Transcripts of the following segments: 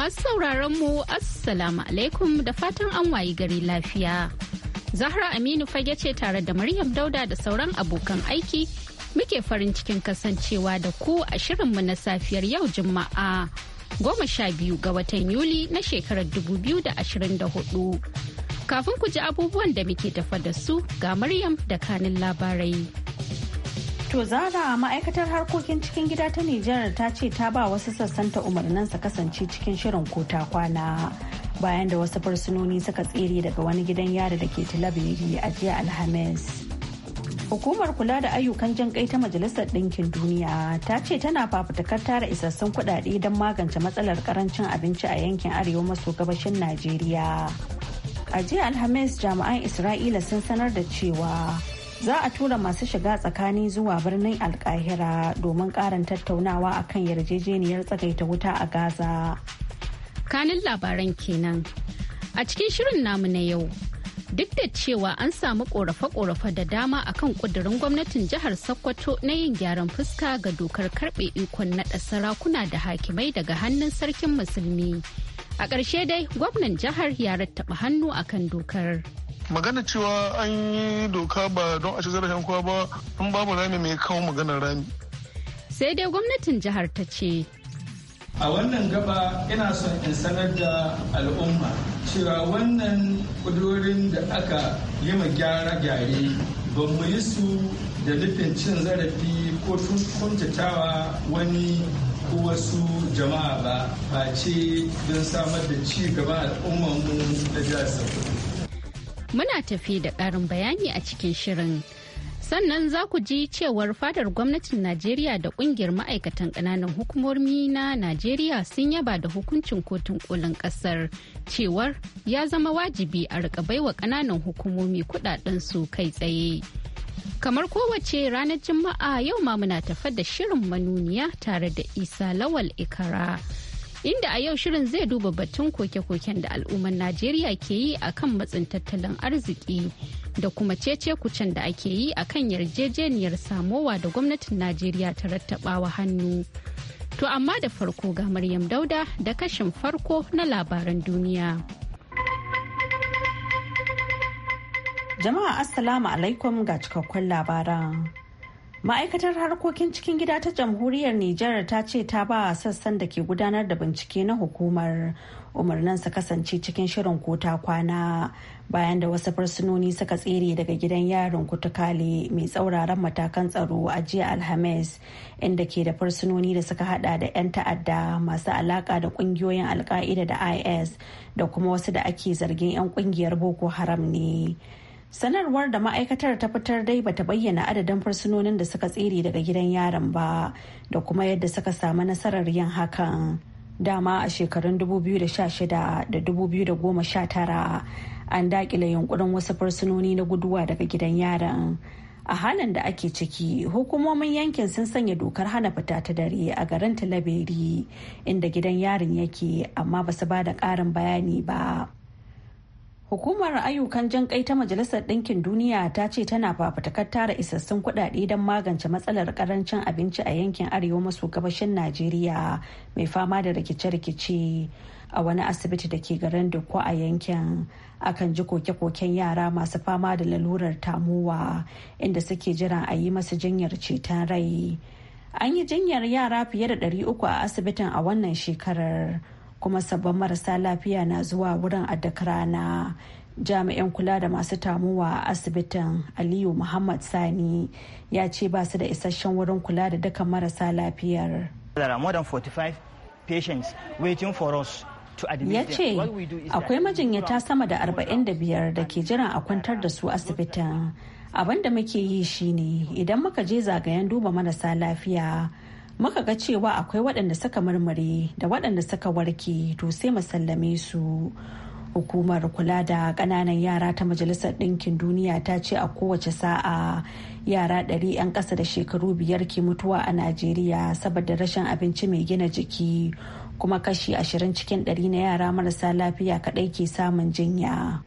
Masu sauraron mu Assalamu alaikum da fatan an wayi gari lafiya. Zahra Aminu fage ce tare da Maryam Dauda da sauran abokan aiki muke farin cikin kasancewa da ku a shirinmu na safiyar yau Juma'a goma sha biyu ga watan Yuli na shekarar dubu biyu da da ashirin hudu kafin ku ji abubuwan da muke tafa da su ga Maryam da kanin labarai. To zara ma'aikatar harkokin cikin gida ta Nijar ta ce ta ba wasu sassanta umarnin sa kasance cikin shirin ko ta kwana bayan da wasu fursunoni suka tsere daga wani gidan yari da ke talabiri a jiya Alhamis. Hukumar kula da ayyukan jan ta Majalisar Ɗinkin Duniya ta ce tana fafutukar tara isassun kuɗaɗe don magance matsalar karancin abinci a yankin arewa maso gabashin Najeriya. A jiya Alhamis jami'an Isra'ila sun sanar da cewa za a tura masu shiga tsakani zuwa birnin alkahira domin karin tattaunawa a kan yarjejeniyar tsagaita wuta a gaza kanin labaran kenan a cikin shirin namu na yau duk da cewa an samu korafe-korafe da dama akan kudurin gwamnatin jihar sokoto na yin gyaran fuska ga dokar karbe ikon naɗa sarakuna da hakimai daga hannun sarkin musulmi a ƙarshe dai gwamnan jihar ya rattaba hannu akan dokar. magana cewa an yi doka ba don a ci zarafin kowa ba an babu rami mai kawo maganar rami sai dai gwamnatin jihar ta ce a wannan gaba ina son in sanar da al'umma cewa wannan kudurorin da aka yi ma gyara gyare ba mu yi su da nufin cin zarafi ko kuntatawa wani ko wasu jama'a ba ba ce don samar da ci gaba al'ummanmu da jihar sokoto muna tafi da ƙarin bayani a cikin shirin. Sannan za ku ji cewar fadar gwamnatin Najeriya da ƙungiyar ma'aikatan ƙananan hukumomi na Najeriya sun yaba da hukuncin kotun kolin ƙasar cewar ya zama wajibi a rika baiwa ƙananan hukumomi su kai tsaye. Kamar kowace ranar Juma'a yau ma muna tafa da shirin manuniya tare da Isa Lawal Ikara. inda a yau shirin zai duba batun koke-koken da al'ummar najeriya ke yi a kan matsin tattalin arziki da kuma cece kucen da ake yi a kan yarjejeniyar samowa da gwamnatin najeriya ta rattabawa hannu to amma da farko ga maryam dauda da kashin farko na labaran duniya jama'a assalamu alaikum ga cikakkun labaran ma'aikatar harkokin cikin gida ta jamhuriyar nijar ta ce ta ba sassan da ke gudanar da bincike na hukumar umarnin su kasance cikin shirin ko ta kwana bayan da wasu fursunoni suka tsere daga gidan yarin kutukale mai tsauraran matakan tsaro a jiya alhamis inda ke da fursunoni da suka hada da 'yan ta'adda masu alaka da kungiyoyin alka'ida da is da kuma wasu da ake zargin 'yan kungiyar boko haram ne sanarwar da ma'aikatar ta fitar dai bata bayyana adadin fursunonin da suka tsere daga gidan yaron ba da kuma yadda suka samu nasarar yin hakan dama a shekarun 2016 da 2019 an dakile yunkurin wasu fursunoni na guduwa daga gidan yaron a halin da ake ciki hukumomin yankin sun sanya dokar hana fita ta dare a garin talaberi inda gidan yarin yake amma ba su ba da karin bayani ba Hukumar ayyukan jan kai ta Majalisar Ɗinkin Duniya ta ce tana fafutukar tara isassun kuɗaɗe don magance matsalar karancin abinci a yankin arewa maso gabashin Najeriya mai fama da rikice-rikice a wani asibiti da ke garin Dukko a yankin. Akan ji koke-koken yara masu fama da lalurar tamuwa inda suke jiran a yi masu jinyar ceton rai. An yi jinyar yara fiye da 300 a asibitin a wannan shekarar. kuma sabbin marasa lafiya na zuwa wurin a duk rana jami'an kula da masu tamuwa a asibitin aliyu muhammad sani ya ce ba su da isasshen wurin kula da dukkan marasa lafiyar ya ce akwai majinyata sama da 45 da ke jiran a kwantar da su asibitin abin da muke yi shine idan muka je zagayen duba marasa lafiya muka ga cewa akwai waɗanda suka murmure da waɗanda suka warke to sai mu sallame su hukumar kula da ƙananan yara ta majalisar ɗinkin duniya ta ce a kowace sa'a yara ɗari 'yan ƙasa da shekaru biyar ke mutuwa a najeriya saboda rashin abinci mai gina jiki kuma kashi ashirin cikin ɗari na yara marasa lafiya kaɗai ke samun jinya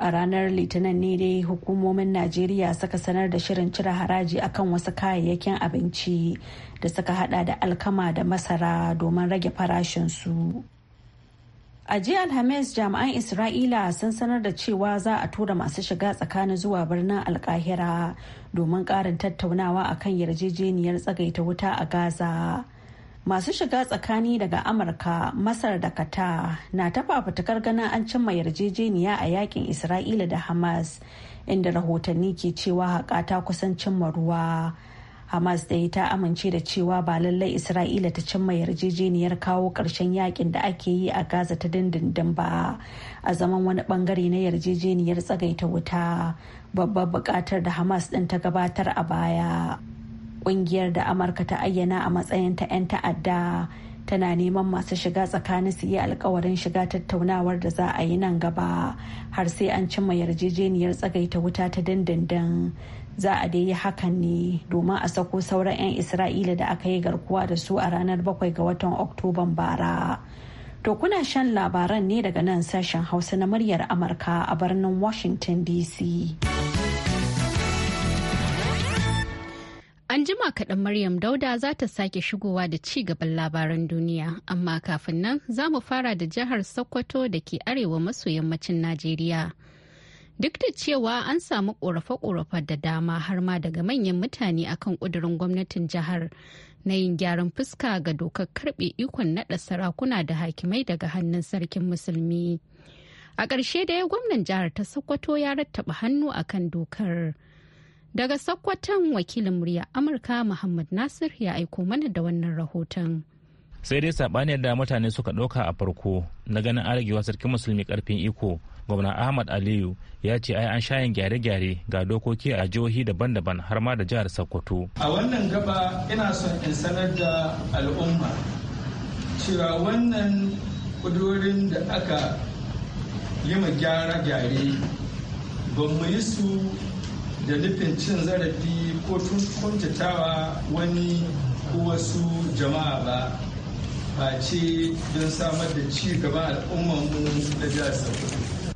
a ranar litinin ne dai hukumomin najeriya suka sanar da shirin cire haraji akan wasu kayayyakin abinci da suka hada da alkama da masara domin rage farashinsu a jiya alhamis jami'an isra'ila sun sanar da cewa za a tura masu shiga tsakanin zuwa birnin alkahira domin karin tattaunawa akan yarjejeniyar tsagaita wuta a gaza masu shiga tsakani daga amurka masar da kata na ta fafutukar ganin an cimma yarjejeniya a yakin isra'ila da hamas inda rahotanni ke cewa haƙa ta kusan cimma ruwa hamas ɗaya ta amince da cewa ba lallai isra'ila ta cimma yarjejeniyar kawo ƙarshen yakin da ake yi a gaza ta dindindin ba a zaman wani bangare na yarjejeniyar tsagaita wuta babbar buƙatar da hamas ɗin ta gabatar a baya kungiyar da amurka ta ayyana a matsayin ta 'yan ta'adda tana neman masu shiga tsakanin su yi alkawarin shiga tattaunawar da za a yi nan gaba har sai an cimma yarjejeniyar tsagaita wuta ta dindindin za a dai yi hakan ne domin a sako sauran 'yan isra'ila da aka yi garkuwa da su a ranar 7 ga watan oktoban bara to kuna shan labaran ne daga nan sashen hausa na muryar amurka a birnin washington dc An jima kaɗan Maryam Dauda za ta sake shigowa da ci gaban labaran duniya, amma kafin nan za mu fara da jihar Sokoto da ke arewa maso yammacin Najeriya. Duk da cewa an samu ƙorafe-ƙorafe da dama har ma daga manyan mutane akan ƙudurin gwamnatin jihar na yin gyaran fuska ga dokar karɓe ikon naɗa sarakuna da hakimai daga hannun sarkin musulmi. A ƙarshe da ya gwamnan jihar ta Sokoto ya rattaba hannu akan dokar. Daga Sokoton wakilin murya Amurka Muhammad Nasir ya aiko mana da wannan rahoton. Sai dai saɓaniyar da mutane suka ɗauka a farko na ganin aragewa sarkin musulmi ƙarfin iko gwamna Ahmad Aliyu ya ce ai an shayin gyare-gyare ga dokoki a jihohi daban-daban har ma da jihar Sokoto. A wannan gaba ina son in sanar da al'umma cewa wannan kudurorin da aka yi ma gyara-gyare ba mu yi su da nufin cin zarafi ko kuntatawa wani ko wasu jama'a ba ce don samar da ci gaba al'ummarmu da jasa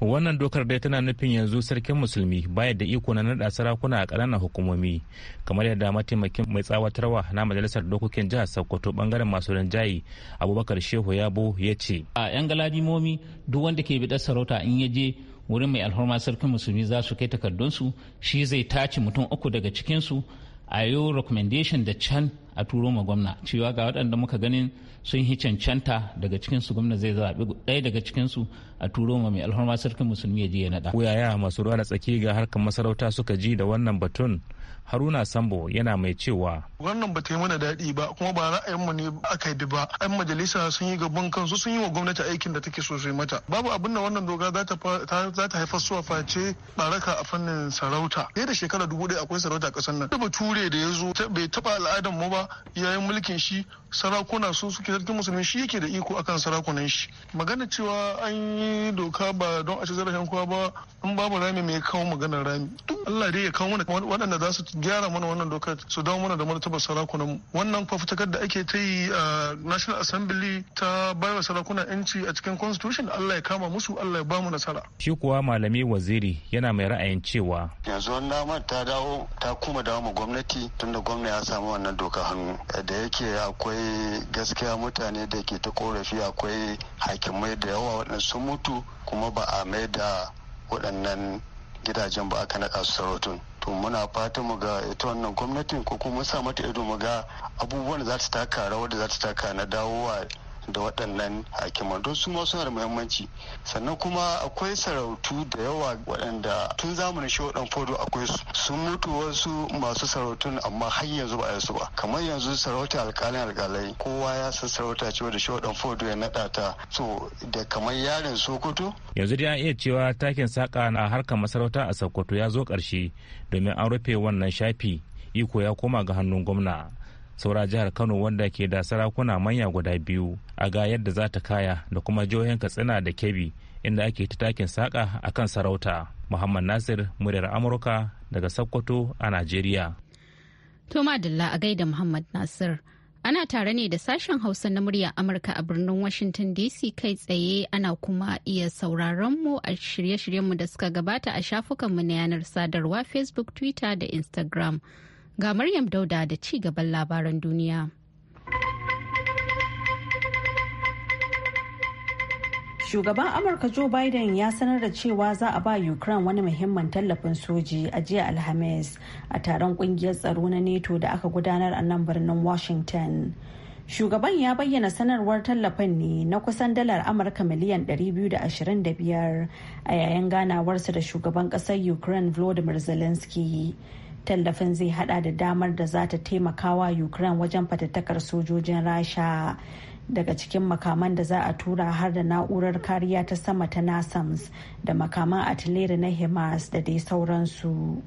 wannan dokar dai tana nufin yanzu sarkin musulmi baya da iko na nada sarakuna a ƙananan hukumomi kamar yadda mataimakin mai tsawatarwa na majalisar dokokin jihar sokoto bangaren masu rinjaye abubakar shehu yabo ya ce a yan galadimomi duk wanda ke biɗar sarauta in ya je wurin mai alhorma sarkin musulmi za su kai takardunsu shi zai tace mutum uku daga cikinsu a yi recommendation da can a turo ma gwamna cewa ga waɗanda muka ganin sun hi cancanta daga cikinsu gwamna zai zaɓi ɗaya daga cikinsu a turo ma mai alhorma sarkin musulmi ya je ya naɗa. wuyaya masu ruwa da tsaki ga harkar masarauta suka ji da wannan batun haruna sambo yana mai cewa wannan ba ta yi mana daɗi ba kuma ba ra'ayinmu ne aka yi ba yan majalisa sun yi gaban kansu sun yi wa gwamnati aikin da take so su yi mata babu abin da wannan doka za ta haifar suwa face baraka a fannin sarauta yadda da shekara dubu ɗaya akwai sarauta a ƙasar nan da bature da ya zo bai taɓa al'adar mu ba yayin mulkin shi sarakuna su suke sarkin musulmi shi yake da iko akan sarakunan shi magana cewa an yi doka ba don a ci zarafin kowa ba in babu rami mai kawo maganar rami Allah dai ya kawo mana waɗanda za su gyara mana wannan dokar su dawo mana da martaba sarakunan wannan fitakar da ake ta yi a national assembly ta baiwa sarakuna yanci a cikin constitution allah ya kama musu allah ya bamu nasara shi kuwa malami waziri yana mai ra'ayin cewa yanzu wannan ta dawo ta kuma dawo mu gwamnati tunda gwamna ya samu wannan doka hannu da yake akwai gaskiya mutane da ke ta korafi akwai hakimai da yawa waɗansu mutu kuma ba a mai da waɗannan gidajen ba aka naɗa su sarautun to muna fata mu ga ita wannan gwamnatin ko kuma sa mata ido mu ga abubuwan da za ta taka rawar da za ta taka na dawowa da waɗannan hakiman don su ma suna da muhimmanci sannan kuma akwai sarautu da yawa waɗanda tun zamanin shi waɗan fodo akwai su sun mutu wasu masu sarautun amma har yanzu ba a su ba kamar yanzu sarauta alkalin alƙalai kowa ya san sarauta ce da shi waɗan fodo ya naɗa ta so da kamar yarin sokoto. yanzu dai an iya cewa takin saƙa na harkar masarauta a sokoto ya zo ƙarshe domin an rufe wannan shafi iko ya koma ga hannun gwamna. saura jihar kano wanda ke da sarakuna manya guda biyu a ga yadda za ta kaya da kuma jihohin katsina da kebbi inda ake ta takin saka akan sarauta muhammad nasir muryar amurka daga sokoto a najeriya to madalla a gaida muhammad nasir ana tare ne da sashen hausa na murya amurka a birnin washington dc kai tsaye ana kuma iya sauraron mu a shirye-shiryenmu da suka gabata a shafukanmu na yanar sadarwa facebook twitter da instagram Ga Maryam Dauda da ci gaban labaran duniya. Shugaban Amurka Joe Biden ya sanar da cewa za a ba Ukraine wani muhimmin tallafin soji a jiya Alhamis a taron kungiyar tsaro na NATO da aka gudanar a nan birnin Washington. Shugaban ya bayyana sanarwar tallafin ne na kusan dalar Amurka miliyan 225 a yayin ganawarsa da shugaban ƙasar Ukraine Volodymyr Zelensky. tallafin zai hada da damar da za ta taimaka wa ukraine wajen fatattakar sojojin rasha daga cikin makaman da za a tura har da na'urar kariya ta sama ta nasams da makaman atileri na himas da dai sauransu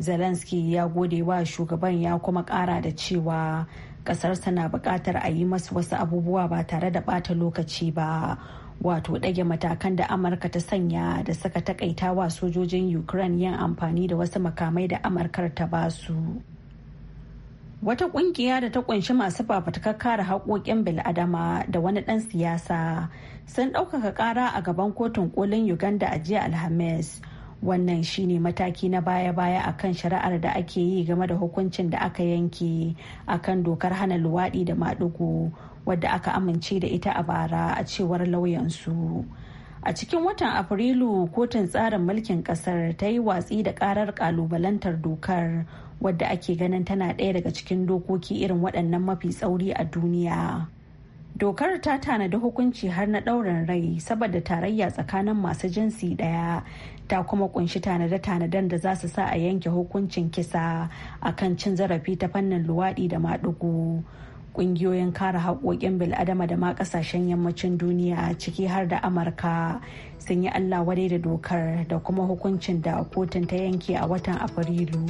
zelensky ya gode wa shugaban ya kuma kara da cewa kasarsa na bukatar a yi masu wasu abubuwa ba tare da bata lokaci ba wato ɗage matakan da amurka ta sanya da suka takaita wa sojojin ukraine yin amfani da wasu makamai da amurkar ta basu wata kungiya da ta kunshi masu fafatakar kare haƙoƙin bil'adama da wani ɗan siyasa sun ɗaukaka ƙara a gaban kotun kolin uganda a jiya alhamis wannan shine mataki na baya-baya a kan shari'ar da ake yi game da hukuncin da aka yanke akan dokar hana luwaɗi da maɗigo wadda aka amince da ita a bara a cewar lauyansu. A cikin watan Afrilu kotun tsarin mulkin kasar ta yi watsi da karar kalubalantar dokar wadda ake ganin tana ɗaya daga cikin dokoki irin waɗannan mafi tsauri a duniya. Dokar ta tanadi hukunci har na ɗaurin rai saboda tarayya tsakanin masu jinsi ɗaya ta kuma kunshi tanade-tanaden da za su sa a yanke hukuncin kisa akan cin zarafi ta fannin luwaɗi da maɗigo. kungiyoyin kare haƙoƙin bil'adama da ma ƙasashen yammacin duniya ciki har da amurka sun yi allah wadai da dokar da kuma hukuncin da kotun ta yanke a watan afrilu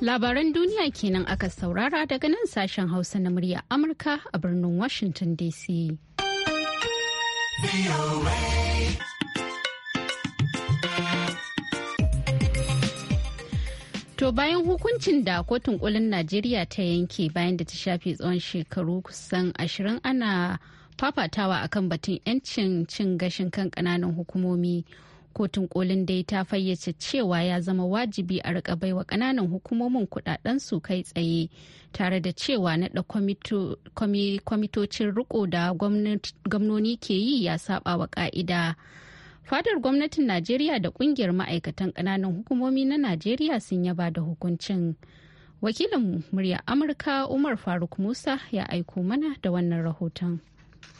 labaran duniya kenan aka saurara daga nan sashen hausa na murya amurka a birnin washington dc To bayan hukuncin da kotun kolin Najeriya ta yanke bayan da ta shafe tsawon shekaru kusan ashirin ana fafatawa akan batun 'yancin cin gashin kan kananan hukumomi. Kotun kolin dai ta fayyace cewa ya zama wajibi a rika baiwa kananan hukumomin su kai tsaye tare da cewa naɗa kwamitocin riko da gwamnoni ke yi ya saba wa ka'ida. fadar gwamnatin najeriya da kungiyar ma'aikatan kananan hukumomi na najeriya sun yaba da hukuncin wakilin murya amurka umar faruk musa ya aiko mana da wannan rahoton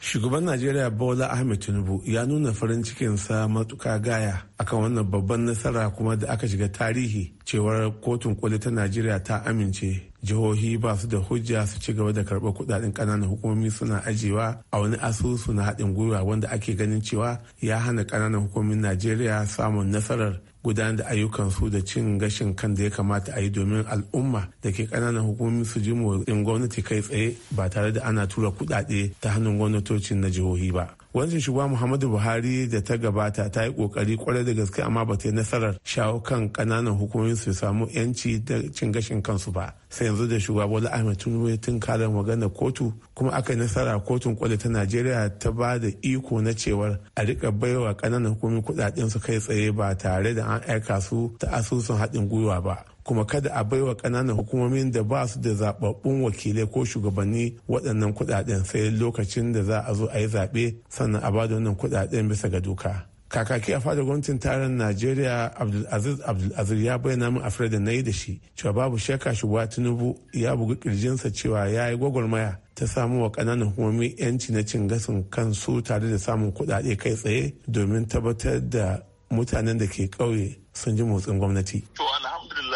shugaban najeriya bola ahmed tinubu ya nuna farin cikinsa matuka gaya akan wannan babban nasara kuma da aka shiga tarihi cewar kotun koli ta najeriya ta amince jihohi ba su da hujja su ci gaba da karɓar kudaden kananan hukumomi suna ajiyewa a wani asusu na haɗin gwiwa wanda ake ganin cewa ya hana ƙananan hukumomin najeriya samun nasarar gudanar da ayyukansu da cin gashin kan da ya kamata a yi domin al'umma da ke ƙananan hukumomi su ji motsin gwamnati kai tsaye ba tare da ana tura kudade ta hannun gwamnatocin na jihohi ba. wanzu shugaba muhammadu buhari da ta gabata ta yi kokari kwarai da gaske amma ba ta yi nasarar shawo kan kananan hukumomi su samu yanci da cin gashin kansu ba sai yanzu da shugaba bola ahmed tinubu ya tun kare magana kotu kuma aka yi nasara kotun kwale ta najeriya ta ba da iko na cewar a rika baiwa kananan hukumomin kudaden su kai tsaye ba tare da an aika su ta asusun haɗin gwiwa ba kuma kada a baiwa kananan hukumomin da ba su da zababbun wakilai ko shugabanni waɗannan kuɗaɗen sai lokacin da za a zo a yi zaɓe sannan a ba da wannan kuɗaɗen bisa ga doka. kakaki a fadar gwamnatin taron najeriya abdulaziz abdulaziz ya bayyana min afirar da na yi da shi cewa babu shakka shugaba tinubu ya bugi kirjinsa cewa ya yi gwagwarmaya ta samu wa kananan hukumomi yanci na cin gasin kansu tare da samun kuɗaɗe kai tsaye domin tabbatar da mutanen da ke ƙauye sun ji motsin gwamnati. to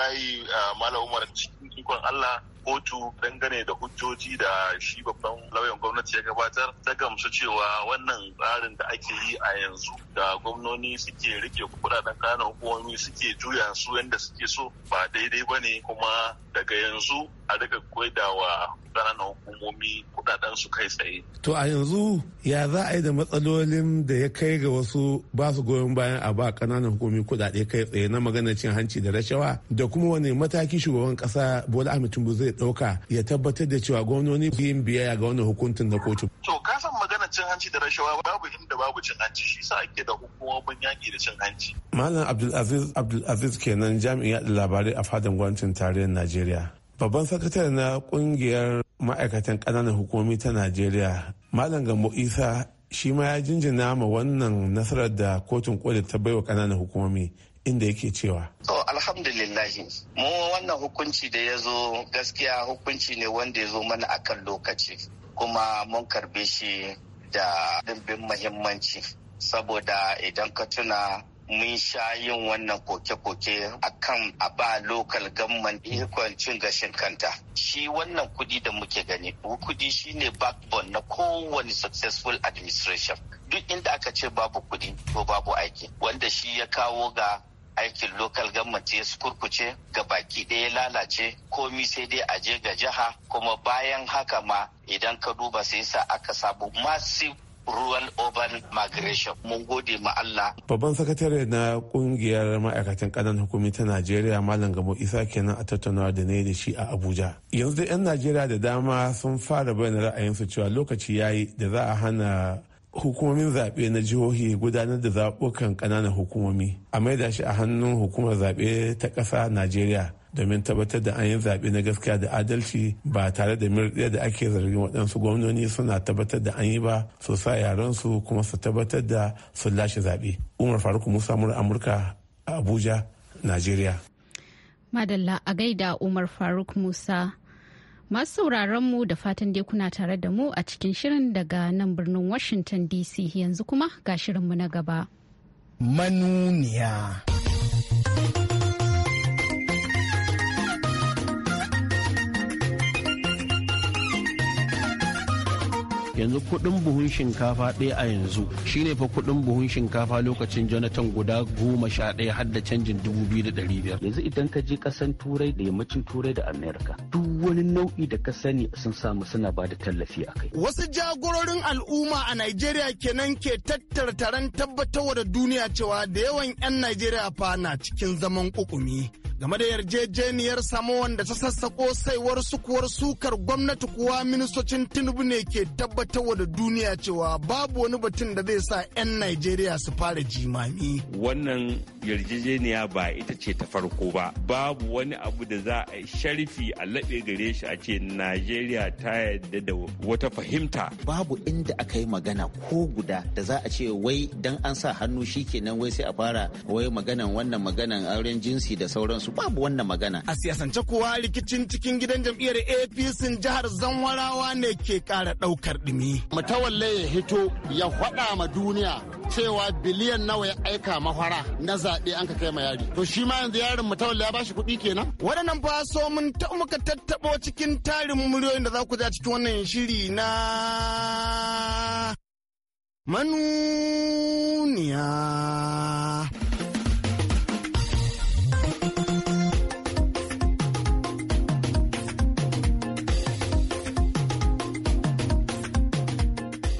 a uh, malam umar cikin ikon allah kotu dangane da hujjoji da shi babban lauyan gwamnati ya gabatar ta gamsu cewa wannan tsarin da ake yi a yanzu da gwamnoni suke rike kudaden kanan hukumomi suke juya su yadda suke so ba daidai ba ne kuma daga yanzu a daga wa kananan hukumomi kudaden su kai tsaye. To a yanzu ya za a yi da matsalolin da ya kai ga wasu ba su goyon bayan a ba kananan hukumomi kudade kai tsaye na maganar cin hanci da rashawa da kuma wani mataki shugaban kasa Bola Ahmed Tinubu zai ɗauka ya tabbatar da cewa gwamnoni yin biyayya ga wannan hukuncin na kotu. To ka san magana cin hanci da rashawa babu inda babu cin hanci shi sa ake da hukumomin yaki da cin hanci. Malam Abdulaziz Abdulaziz kenan jami'in yaɗa labarai a fadan gwamnatin tarayyar Najeriya. Babban sakatare na kungiyar ma'aikatan kananan hukumomi ta Najeriya Malam Gambo Isa shi ma ya jinjina ma wannan nasarar da kotun koda ta baiwa ƙananan hukumomi inda yake cewa to alhamdulillahi mu wannan hukunci da ya zo gaskiya hukunci ne wanda ya zo mana akan lokaci kuma mun karbe shi da dimbin mahimmanci saboda idan ka tuna mun sha yin wannan koke-koke a kan a ba lokal gamman ikon cin gashin kanta shi wannan kudi da muke gani kudi shi shine backbone na kowane successful administration duk inda aka ce babu kudi ko babu aiki wanda shi ya kawo ga aikin local government ya kurkuce ga baki ɗaya lalace komi sai dai a je ga jiha kuma bayan haka ma idan ka duba sai sa aka samu massive rural urban migration mun gode ma Allah. Babban sakatare na kungiyar ma'aikatan kanan hukumi ta Najeriya Malam Gamo Isa kenan a tattaunawa da ne da shi a Abuja. Yanzu da 'yan Najeriya da dama sun fara bayyana ra'ayinsu cewa lokaci yayi da za a hana hukumomin zaɓe na jihohi gudanar da zaɓukan ƙananan hukumomi a maida shi a hannun hukumar zaɓe ta ƙasa najeriya domin tabbatar da an yi zaɓe na gaskiya da adalci ba tare da mirɗiya da ake zargin waɗansu gwamnoni suna tabbatar da an yi ba su sa su kuma su tabbatar da su lashe zaɓe umar faruk musa mura amurka a abuja najeriya madalla a gaida umar faruk musa Masu sauraron mu da fatan dai kuna tare da mu a cikin shirin daga nan birnin Washington DC yanzu kuma ga shirinmu na gaba. Manuniya. yanzu kudin buhun shinkafa ɗaya a yanzu shine fa kudin buhun shinkafa lokacin jonathan guda goma sha ɗaya har da canjin dubu biyu da ɗari biyar yanzu idan ka je ƙasan turai da yammacin turai da amerika duk wani nau'i da ka sani sun samu suna ba da tallafi a kai wasu jagororin al'umma a nigeria kenan ke tattara taron tabbatarwa da duniya cewa da yawan 'yan nigeria fa na cikin zaman kukumi game da yarjejeniyar samuwan da ta sassako saiwar sukuwar sukar gwamnati kuwa ministocin tinubu ne ke tabbatarwa da duniya cewa babu wani batun da zai sa 'yan najeriya su fara jimami wannan yarjejeniya ba ita ce ta farko ba babu wani abu da za a sharifi a laɓe gare shi a ce najeriya ta yarda da wata fahimta babu inda aka yi magana ko guda da za a ce wai dan an sa hannu shikenan wai sai a fara wai maganan wannan maganan auren jinsi da sauransu babu wannan magana a siyasance kuwa rikicin cikin gidan jam'iyyar apc jihar zanwarawa ne ke kara ɗaukar dumi mutawalle ya hito ya faɗa ma duniya cewa biliyan nawa ya aika mahara na ɗaya an ka kai ma yari to shi ma yanzu yarin mu tawalla ya bashi kuɗi kenan waɗannan fa so mun ta muka tattaɓo cikin tarin muryoyin da za ku ja cikin wannan shiri na manuniya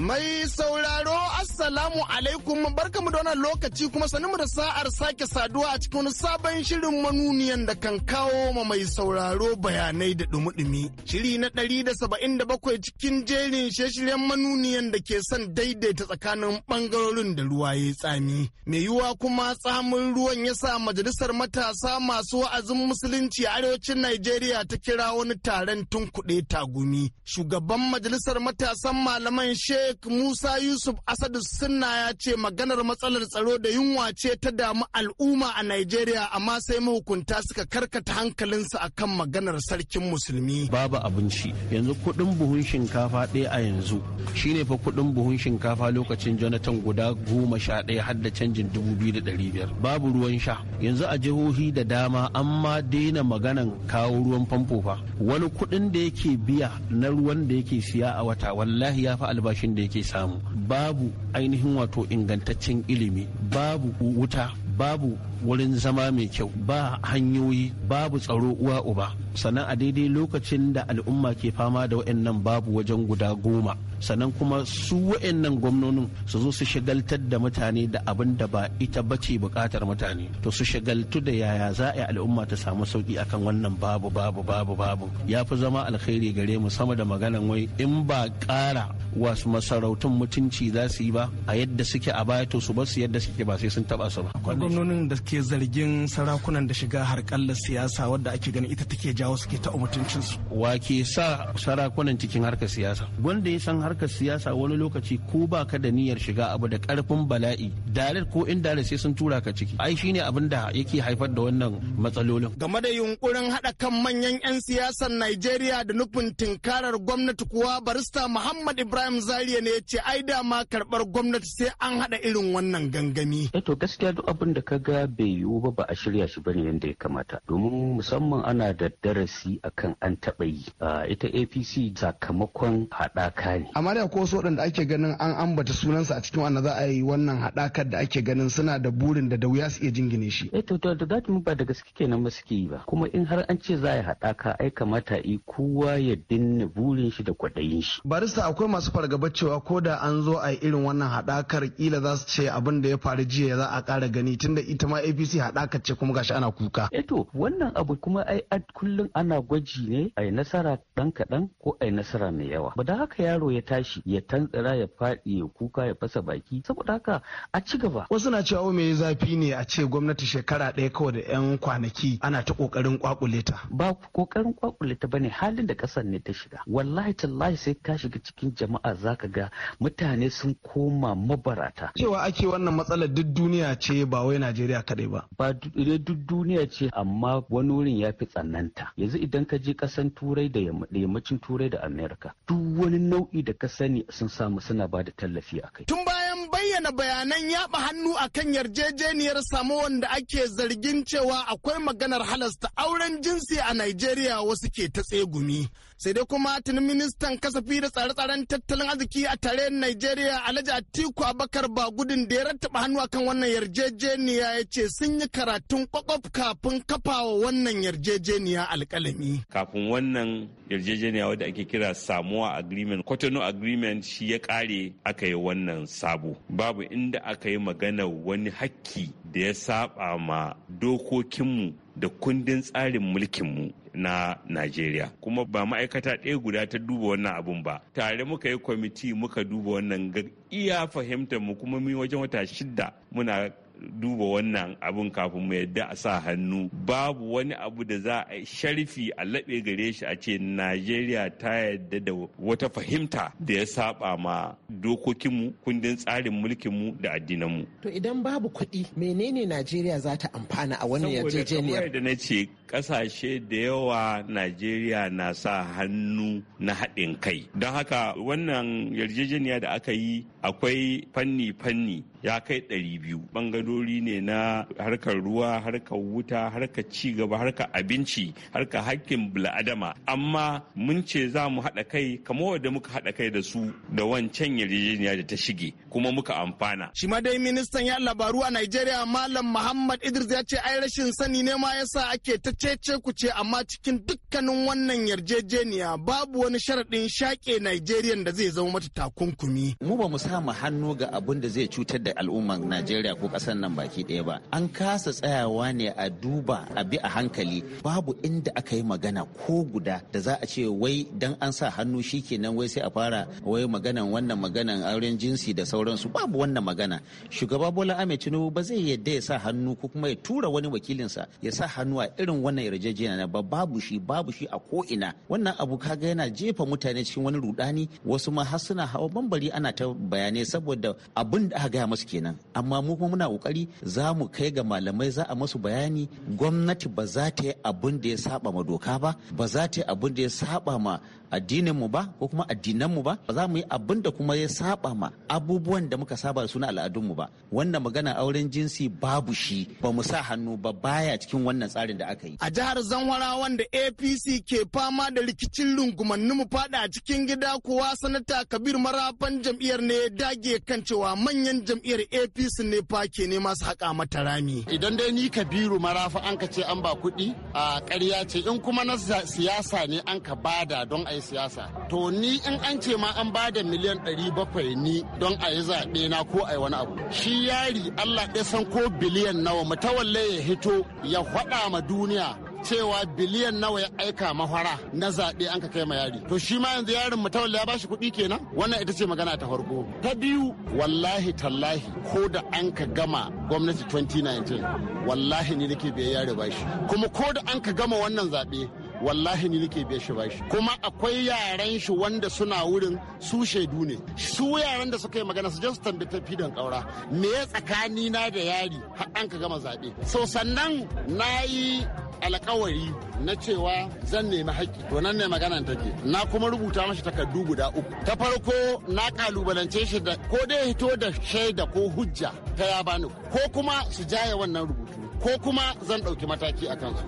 Mai sauraro Assalamu alaikum barkamu da wannan lokaci kuma sanin da sa'ar sake saduwa a cikin sabon shirin manuniyan da kan kawo ma mai sauraro bayanai da dumi-dumi. Shiri na ɗari da saba'in da bakwai cikin jerin shirye-shiryen manuniyan da ke son daidaita tsakanin bangarorin da ruwa ya tsami. Mai yiwuwa kuma tsamin ruwan ya sa majalisar matasa masu wa'azin musulunci a arewacin Najeriya ta kira wani taron tunkuɗe tagumi. Shugaban majalisar matasan malaman Sheikh Musa Yusuf Asadu sunna ya ce maganar matsalar tsaro da yunwa ce ta damu al'umma a Najeriya amma sai mahukunta suka karkata hankalinsu akan maganar sarkin musulmi. Babu abinci yanzu kuɗin buhun shinkafa ɗaya a yanzu shine fa kuɗin buhun shinkafa lokacin Jonathan guda goma sha ɗaya har da canjin dubu biyu da ɗari biyar. Babu ruwan sha yanzu a jihohi da dama an ma daina maganan kawo ruwan famfo fa wani kuɗin da yake biya na ruwan da yake siya a wata wallahi ya fi albashin da yake samu. Babu ainihin wato ingantaccen ilimi babu wuta babu wurin zama mai kyau ba hanyoyi babu tsaro uwa uba sannan a daidai lokacin da al'umma ke fama da wa'annan babu wajen guda goma sannan kuma su wa'annan gwamnonin su zo su shagaltar da mutane da abin da ba ita bace bukatar mutane to su shagaltu da yaya za a yi al'umma ta samu sauki akan wannan babu babu babu babu ya fi zama alkhairi gare mu sama da maganan wai in ba ƙara wasu masarautun mutunci za su yi ba a yadda suke a baya to su ba su yadda suke ba sai sun taba su ba. gwamnonin da ke zargin sarakunan da shiga harkallar siyasa wadda ake ganin ita take jawo suke ta su. Wa ke sa sarakunan cikin harkar siyasa? Wanda ya san harkar siyasa wani lokaci ko ba ka da niyyar shiga abu da karfin bala'i dalil ko da sai sun tura ka ciki. Ai shine abin da yake haifar da wannan matsalolin. Game da yunkurin haɗa kan manyan 'yan siyasar Najeriya da nufin tinkarar gwamnati kuwa barista Muhammad Ibrahim Zariya ne ya ce ai ma karɓar gwamnati sai an haɗa irin wannan gangami. Eh to gaskiya duk abin da ka ga bai yiwu ba ba a shirya shi bane yanda ya kamata. Domin musamman ana da darasi akan an taɓa yi ita apc sakamakon haɗaka ne amma da ko wasu waɗanda ake ganin an ambata sunansa a cikin wanda za a yi wannan haɗakar da ake ganin suna da burin da da wuya su iya jingine shi eh to da da ba da gaske kenan ba suke yi ba kuma in har an ce za a yi haɗaka ai kamata yi kowa ya dinne burin shi da kwaɗayin shi barista akwai masu fargaba cewa ko da an zo a yi irin wannan haɗakar kila za su ce abin da ya faru jiya za a ƙara gani tunda ita ma apc haɗakar ce kuma gashi ana kuka eh to wannan abu kuma ai kullum kullum ana gwaji ne a yi nasara ɗan kaɗan ko a yi nasara mai yawa ba da haka yaro ya tashi ya tantsira ya faɗi ya kuka ya fasa baki saboda haka a ci gaba wasu na cewa mai zafi ne a ce gwamnati shekara ɗaya kawai da yan kwanaki ana ta kokarin kwakule ta ba ƙoƙarin kwakule ta bane halin da ƙasar ne ta shiga wallahi tallahi sai ka shiga cikin jama'a zaka ga mutane sun koma mabarata cewa ake wannan matsalar duk duniya ce ba wai Najeriya kaɗai ba ba duk duniya ce amma wani wurin ya fi tsananta yanzu idan ka je kasan turai da yammacin turai da amerika duk wani nau'i da ka sani sun samu suna bada tallafi a kai tun bayan bayyana bayanan yaba hannu akan yarjejeniyar samu wanda ake zargin cewa akwai maganar halasta auren jinsi a Najeriya wasu ke ta tsegumi. sai dai kuma tuni ministan kasafi da tsare-tsaren tattalin arziki a tare Najeriya Alhaji Atiku Abakar gudun da ya rattaba hannu akan wannan yarjejeniya ya ce sun yi karatun kwakwaf kafin kafawa wannan yarjejeniya alkalami. Kafin wannan yarjejeniya wadda ake kira Samoa Agreement, Cotonou Agreement shi ya kare aka yi wannan sabo. babu inda aka yi magana wani hakki da ya saba ma dokokinmu da kundin tsarin mulkinmu na Najeriya. Kuma ba ma'aikata ɗaya guda ta duba wannan abun ba. Tare muka yi kwamiti muka duba wannan ga iya fahimtar mu kuma mi wajen wata shidda muna duba wannan abin kafin mu yadda a sa hannu babu wani abu da za a sharifi a laɓe gare shi a ce najeriya ta yadda da wata fahimta da ya saba ma dokokinmu kundin tsarin mulkinmu da addinanmu to idan babu kuɗi menene najeriya za ta amfana a wani yarjejeniyar da na ce ƙasashe da yawa najeriya na sa hannu na haɗin kai don haka wannan yarjejeniya da aka yi akwai fanni-fanni ya kai ɗari biyu bangarori ne na harkar ruwa harkar wuta harkar cigaba harkar abinci harkar hakkin bil'adama amma mun ce za mu haɗa kai kamar wadda muka haɗa kai da su da wancan yarjejeniya da ta shige kuma muka amfana. shi ma dai ministan ya labaru a nigeria malam muhammad idris ya ce ai rashin sani ne ma yasa ake ta cece ce amma cikin dukkanin wannan yarjejeniya babu wani sharaɗin shaƙe nigerian da zai zama mata takunkumi. mu ba mu sa mu hannu ga abin da zai cutar da al'ummar najeriya ko ƙasar nan baki ɗaya ba an kasa tsayawa ne a duba a bi a hankali babu inda aka yi magana ko guda da za a ce wai dan an sa hannu shi kenan wai sai a fara wai maganan wannan maganan auren jinsi da sauransu babu wannan magana shugaba bola ahmed tinubu ba zai yadda ya sa hannu ko kuma ya tura wani wakilinsa ya sa hannu a irin wannan yarjejeniya ba babu shi babu shi a ko ina wannan abu kaga yana jefa mutane cikin wani rudani wasu ma har suna hawa bambari ana ta bayanai saboda abin da aka gaya masu kenan amma mu kuma muna kokari za mu kai ga malamai za a masu bayani gwamnati ba za ta yi abin da ya saba ma doka ba ba za ta yi abin da ya saba ma addinin mu ba ko kuma addinan mu ba ba za mu yi abin da kuma ya saba ma abubuwan da muka saba su na al'adun mu ba wannan magana auren jinsi babu shi ba mu sa hannu ba baya cikin wannan tsarin da aka yi a jihar Zamfara wanda APC ke fama da rikicin rungumannin mu fada a cikin gida kuwa sanata Kabir Marafan jam'iyyar ne ya dage kan cewa manyan jam'iyyar APC ne fa ke ne masu haƙa mata rami idan dai ni Kabiru Marafa an ka ce an ba kuɗi a ƙarya ce in kuma na siyasa ne an ka bada don a siyasa to ni in an ce ma an bada miliyan ɗari bakwai ni don a yi zaɓe na ko a yi wani abu shi yari allah ɗaya san ko biliyan nawa mutawalle ya hito ya faɗa ma duniya cewa biliyan nawa ya aika mahara na zaɓe an ka kai ma yari to shi ma yanzu yarin mutawalla ya bashi kuɗi kenan wannan ita ce magana ta farko ta biyu wallahi tallahi ko da an ka gama gwamnati 2019 wallahi ne nake biya yari bashi kuma ko da an ka gama wannan zaɓe wallahi ni nake biya shi bashi kuma akwai yaran shi wanda suna wurin su shaidu ne su yaran da suka yi magana su je su ta fidan kaura me ya tsakani na da yari har an ka gama zaɓe so sannan na yi alkawari na cewa zan nemi haƙƙi to nan ne maganan take na kuma rubuta mashi takardu guda uku ta farko na kalubalance shi da ko dai hito da shaida ko hujja ta ya bani ko kuma su jaya wannan rubutu ko kuma zan ɗauki mataki a kansu.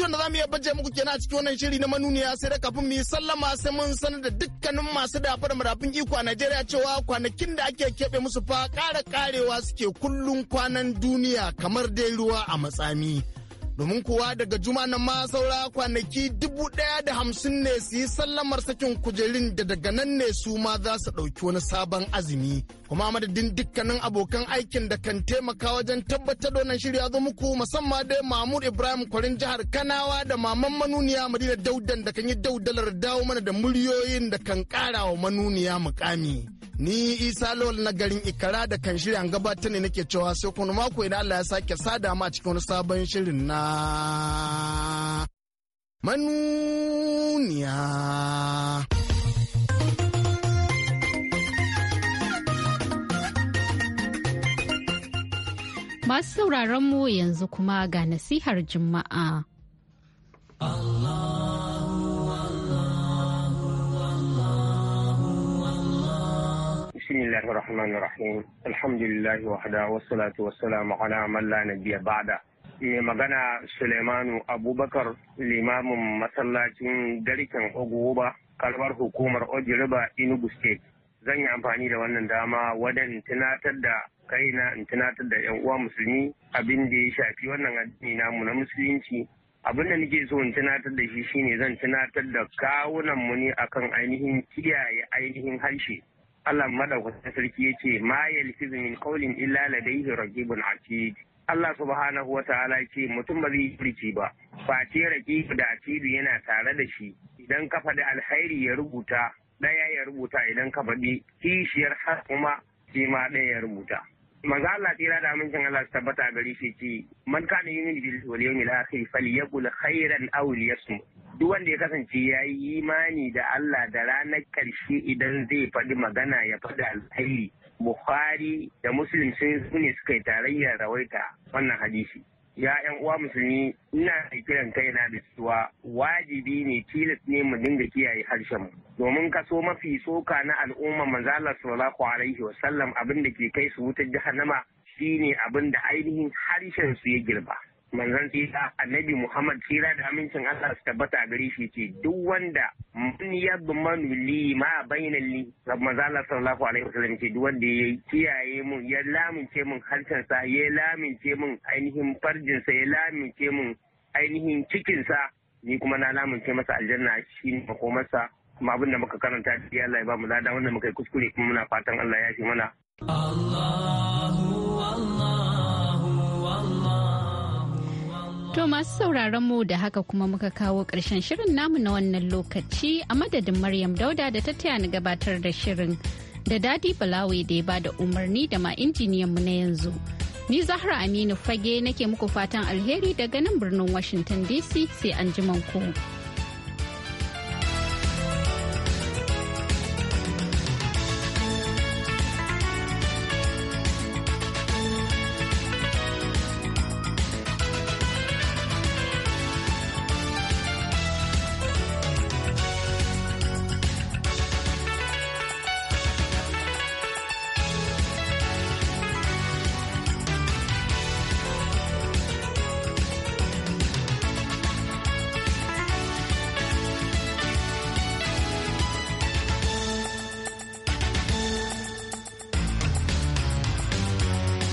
batutuwan da za mu iya baje muku kenan a cikin wannan shiri na manuniya sai da kafin mu yi sallama sai mun sanar da dukkanin masu dafa da marafin iko a Najeriya cewa kwanakin da ake keɓe musu fa ƙara ƙarewa suke kullum kwanan duniya kamar dai ruwa a matsami. domin kuwa daga juma na ma saura kwanaki dubu ɗaya da hamsin ne su yi sallamar sakin kujerun da daga nan ne su ma za su ɗauki wani sabon azumi kuma madadin dukkanin abokan aikin da kan taimaka wajen tabbatar da wannan shirya zo muku musamman dai mahmud ibrahim kwarin jihar kanawa da maman manuniya madina daudan da kan yi daudalar dawo mana da muryoyin da kan kara wa manuniya mukami ni isa lawal na garin ikara da kan shirya gabatar ne nake cewa sai kuma mako idan allah ya sake sada a cikin wani sabon shirin na manuniya. Masu sauraron mu yanzu kuma ga nasihar Juma'a. بسم الله الرحمن الرحيم الحمد لله وحده والصلاة والسلام mai magana Suleimanu Abubakar limamin masallacin garken Ogoba kalmar hukumar Ojiriba Enugu State zan yi amfani da wannan dama wadan tunatar da kaina in tunatar da yan uwa musulmi abin da ya shafi wannan addini namu na musulunci abin da nake so in tunatar da shi shine zan tunatar da kawunan mu ne akan ainihin kiyaye ainihin harshe Allah madaukakin sarki yace ma yalfizu min qawlin illa ladayhi raqibun atid Allah subhanahu wa ta'ala ce mutum ba zai furci ba face raki da asiru yana tare da shi idan ka faɗi alkhairi ya rubuta ɗaya ya rubuta idan ka faɗi kishiyar har kuma shi ma ɗaya ya rubuta manzo Allah tira da amincin Allah su tabbata gari shi ce. man kana yumin bil wal yawmil akhir falyaqul khairan aw liyasmut duk wanda ya kasance ya yi imani da Allah da ranar karshe idan zai faɗi magana ya faɗi alkhairi Bukhari da Muslim sun ne suka yi tarayyar rawaita wannan hadisi ya yan uwa musulmi ina kiran kaina da cewa wajibi ne tilas ne mu dinga kiyaye harshen mu domin kaso mafi soka na al'umma manzo Allah sallallahu alaihi abin da ke kai su wutar jahannama shine abin da ainihin harshen su ya girba manzon tsira annabi muhammad tsira da amincin allah su tabbata a shi ce duk wanda man yabba manu li ma bayanan li manzon allah sallallahu alaihi wasallam ce duk wanda ya kiyaye mun ya lamince mun harshensa ya lamince mun ainihin farjinsa ya lamince mun ainihin cikinsa ni kuma na lamince masa aljanna shi ne makomarsa kuma abin da muka karanta ya Allah ya ba mu lada wanda muka yi kuskure kuma muna fatan Allah ya fi mana Allah To masu sauraron mu da haka kuma muka kawo ƙarshen shirin namu na wannan lokaci a madadin Maryam Dauda da ta taya ni gabatar da shirin da Dadi Balawe da ya bada umarni da ma injiniyan mu na yanzu. Ni Zahra Aminu Fage nake muku fatan alheri daga nan birnin Washington DC sai an ku.